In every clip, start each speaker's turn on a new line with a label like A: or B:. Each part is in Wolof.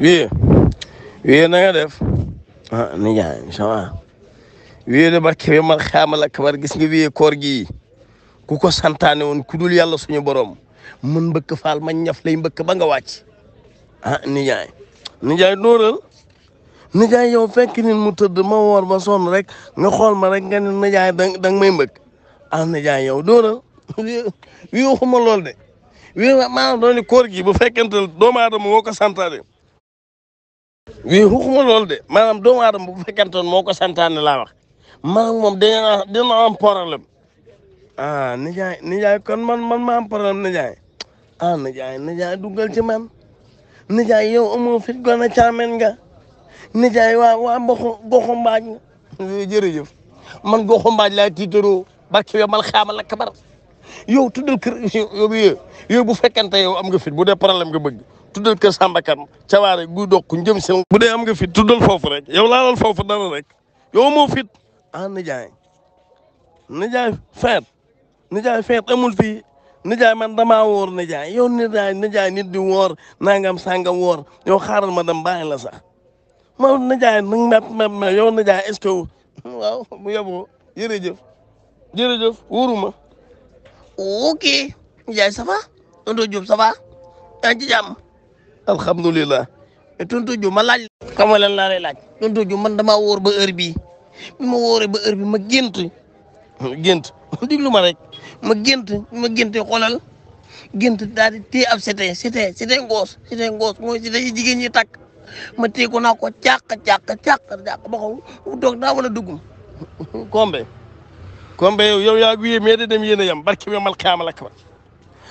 A: wii wii na def ah ni jaay sama wii de barke bi man xaamal ak gis nga wii koor gi ku ko santaane woon ku dul yàlla suñu borom mën mbëkk faal ma ñaf lay mbëkk ba nga wàcc ah ni jaay ni jaay dóoral ni jaay fekk nit mu tëdd ma woor ba sonn rek nga xool ma rek nga ne ni da may mbëkk ah ni jaay yow dóoral wii waxuma lool de wii maanaam doon ni koor gi bu fekkente doomu aadama woo ko santaane oui waxuma loolu de maanaam doomu aadama bu fekkantoon moo ko santaane laa wax maanaam moom dina dina am problème ah nijaay nijaay kon man man ma am problème nijaay ah nijaay nijaay duggal ci man nijaay yow amoo fit gone caamen nga nijaay waa waa mboxu goxu mbaaj nga jërëjëf man goxu mbaaj laa tiitaroo barke yo mal xaamal ak kabar yow tuddal kër yow bu fekkente yow am nga fit bu dee problème nga bëgg tuddal kër Samba Kane cawaare guy doq njëm si bu dee am nga fit tuddal foofu rek yow laalal foofu dara rek yow moo fit ah nijaay nijaay feet nijaay feet amul fii nijaay man damaa woor nijaay yow nijaay nijaay nit di woor nangam sangam woor yow xaaral ma dem bàyyi la sax ma nijaay nag ma ma yow nijaay est-ce que waaw bu yeboo jërëjëf jërëjëf wóoruma ok Ndiaye ça va tonton Diop ça va yaa ngi ci jàmm alhamdulilah tonton Diop ma laaj xam nga lan laa lay laaj tonton Diop man damaa woor ba heure bii bi ma wóoree ba heure bi ma gént gént diglu ma rek ma gént ma génte xoolal gént daal di téye ab sete sete sete ngoos sete ngoos mooy sete yi jigéen ñi takk ma téye ko naa ko càq càq càq càq ba xaw doog daa wala dugg kombe comme ba yow yow yaa wiyee mais da dem yéen a yem barke bi mal xaamal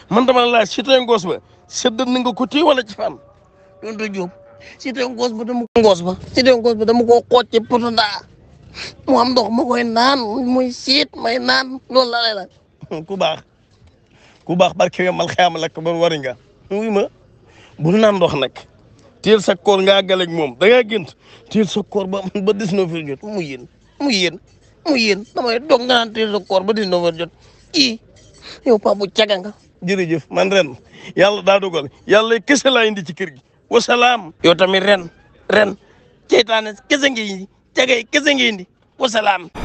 A: man dama la laaj ngoos ba séddal na nga ko téye wala ci ngoos ba dama ko ngoos ba cité ngoos ba dama koo xooj ci mu ndox ma koy naan mu siit may naan loolu laa lay ku baax ku baax barke bi mal xaamal ak ba wari nga ma bul naan ndox nag. teel sa koor ngaa galeeg moom da ngaa gënt teel sa koor ba ba 19 mu yéen mu yéen. mu yéen damay doog nga naan teel sa koor ba dix-neuf heures jot kii yow Pape bu caga nga jërëjëf man ren yàlla daa dogal yàlla kese laa indi ci kër gi wasalaam yow tamit ren ren ceytaane kese nga indi cagay kese nga indi wasalaam